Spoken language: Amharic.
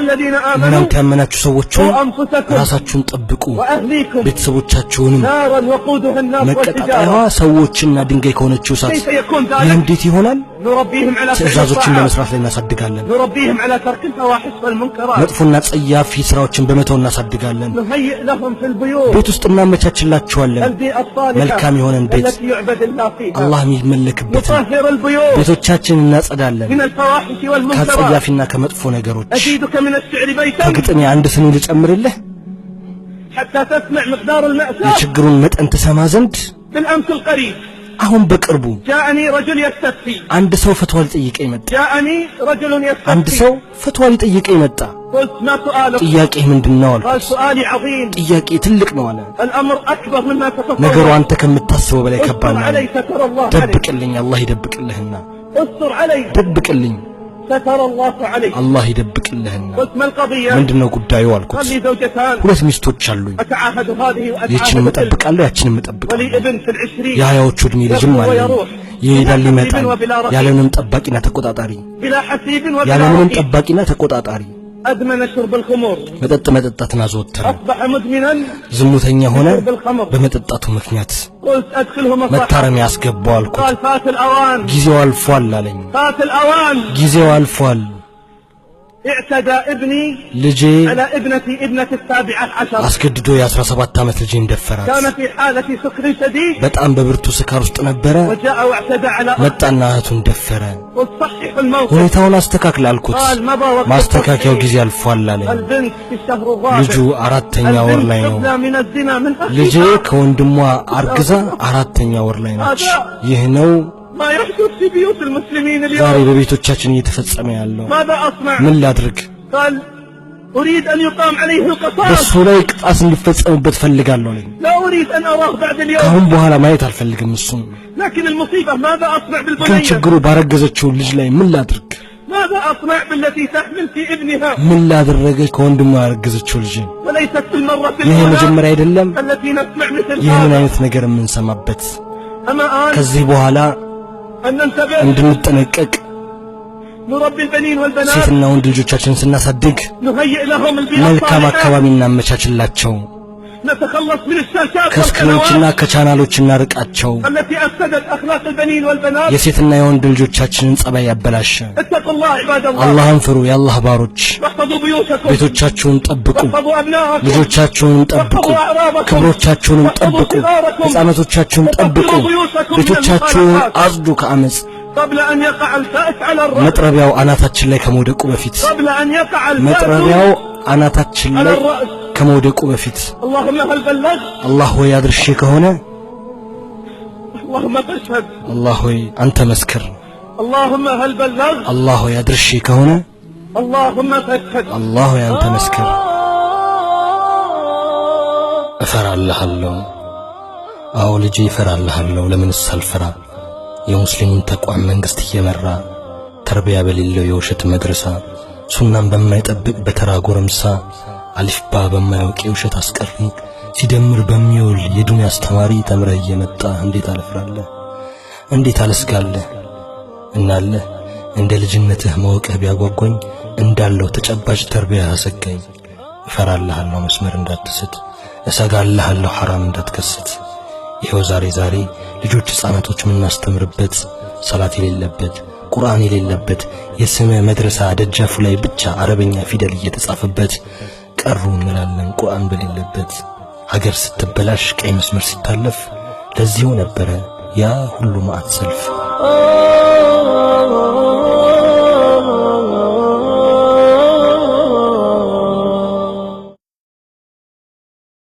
እናንተ ያመናችሁ ሰዎች ሆይ ራሳችሁን ጠብቁ፣ ቤተሰቦቻችሁንም መቀጣጠያዋ ሰዎችና ድንጋይ ከሆነችው እሳት ይህ እንዴት ይሆናል? ትእዛዞችን በመስራት ላይ እናሳድጋለን። መጥፎና ጸያፊ ስራዎችን በመተው እናሳድጋለን። ቤት ውስጥ እናመቻችላቸዋለን። መልካም የሆነን ቤት አላህ የሚመለክበትን ቤቶቻችን እናጸዳለን፣ ከጸያፊና ከመጥፎ ነገሮች። ከግጥሜ አንድ ስኒ ልጨምርልህ የችግሩን መጠን ትሰማ ዘንድ አሁን በቅርቡ አንድ ሰው ፈትዋ ሊጠይቀኝ መጣ። አንድ ሰው ፈትዋ ሊጠይቀኝ መጣ። ጥያቄ ምንድን ነው አልኩት። ጥያቄ ትልቅ ነው አለ። ነገሩ አንተ ከምታስበው በላይ ከባድ ነው። ደብቅልኝ፣ አላህ ይደብቅልህና ደብቅልኝ አላህ ይደብቅልህና ምንድነው ጉዳዩ አልኩት። ሁለት ሚስቶች አሉኝ፣ ይህችንም እጠብቃለሁ፣ ያችንም እጠብቃለሁ። የሀያዎቹ ዕድሜ ልጅም አለ ይሄዳል ይመጣል፣ ያለምንም ጠባቂና ተቆጣጣሪ፣ ያለምንም ጠባቂና ተቆጣጣሪ أدمن شرب الخمور መጠጥ መጠጣትን አዘወተረ ዝሙተኛ ሆነ በመጠጣቱ ምክንያት قلت أدخله አልኩት ጊዜው አልፏል አለኝ ጊዜው አልፏል ልጄ አስገድዶ የ17 ዓመት ልጄን ደፈራት። በጣም በብርቱ ስካር ውስጥ ነበረ። መጣና እህቱን ደፈረ። ሁኔታውን አስተካክል አልኩት። ማስተካከያው ጊዜ አልፏል አለኝ። ልጁ አራተኛ ወር ላይ ነው። ልጄ ከወንድሟ አርግዛ አራተኛ ወር ላይ ነች። ይህ ነው ዛሬ በቤቶቻችን እየተፈጸመ ያለው ምን ላድርግ? በእሱ ላይ ቅጣት እንዲፈጸምበት ፈልጋለሁ። ከአሁን በኋላ ማየት አልፈልግም። እሱም ግን ችግሩ ባረገዘችው ልጅ ላይ ምን ላድርግ? ምን ላደረገች ከወንድሟ ያረገዘችው ልጅ? ይህ መጀመሪያ አይደለም ይህን አይነት ነገር የምንሰማበት ከዚህ በኋላ እንድንጠነቀቅ ሴትና ወንድ ልጆቻችን ስናሳድግ መልካም አካባቢ እናመቻችላቸው። ከስክሪኖችና ከቻናሎች እናርቃቸው። የሴትና የወንድ ልጆቻችንን ጸባይ ያበላሸ አላህን ፍሩ። የአላህ ባሮች ቤቶቻችሁን ጠብቁ፣ ልጆቻችሁንም ጠብቁ፣ ክብሮቻችሁንም ጠብቁ፣ ሕፃናቶቻችሁን ጠብቁ። ቤቶቻችሁን አጽዱ ከአመፅ መጥረቢያው አናታችን ላይ ከመውደቁ በፊት መጥረቢያው አናታችን ላይ ከመውደቁ በፊት አላህ ሆይ አድርሼ ከሆነ አላህ ሆይ አንተ መስክር። አላህ ሆይ አድርሼ ከሆነ አላህ ሆይ አንተ መስክር። እፈራልሃለሁ። አዎ ልጄ እፈራልሃለሁ። ለምንስ አልፈራ? የሙስሊሙን ተቋም መንግስት እየመራ ተርቢያ በሌለው የውሸት መድረሳ ሱናን በማይጠብቅ በተራ ጎረምሳ አሊፍባ በማያውቅ የውሸት አስቀሪ ሲደምር በሚውል የዱንያ አስተማሪ ተምረ እየመጣ እንዴት አለፍራለህ? እንዴት አለስጋለ እናለህ እንደ ልጅነትህ ማወቅህ ቢያጓጓኝ እንዳለው ተጨባጭ ተርቢያ አሰጋኝ። እፈራልሃለሁ መስመር እንዳትስት፣ እሰጋልሃለሁ ሐራም እንዳትከስት። ይኸው ዛሬ ዛሬ ልጆች ሕፃናቶች የምናስተምርበት ሰላት የሌለበት ቁርአን የሌለበት የስመ መድረሳ ደጃፉ ላይ ብቻ አረበኛ ፊደል እየተጻፈበት ቀሩ እንላለን ቁርአን በሌለበት ሀገር ስትበላሽ ቀይ መስመር ሲታለፍ ለዚሁ ነበረ ያ ሁሉ መዓት ሰልፍ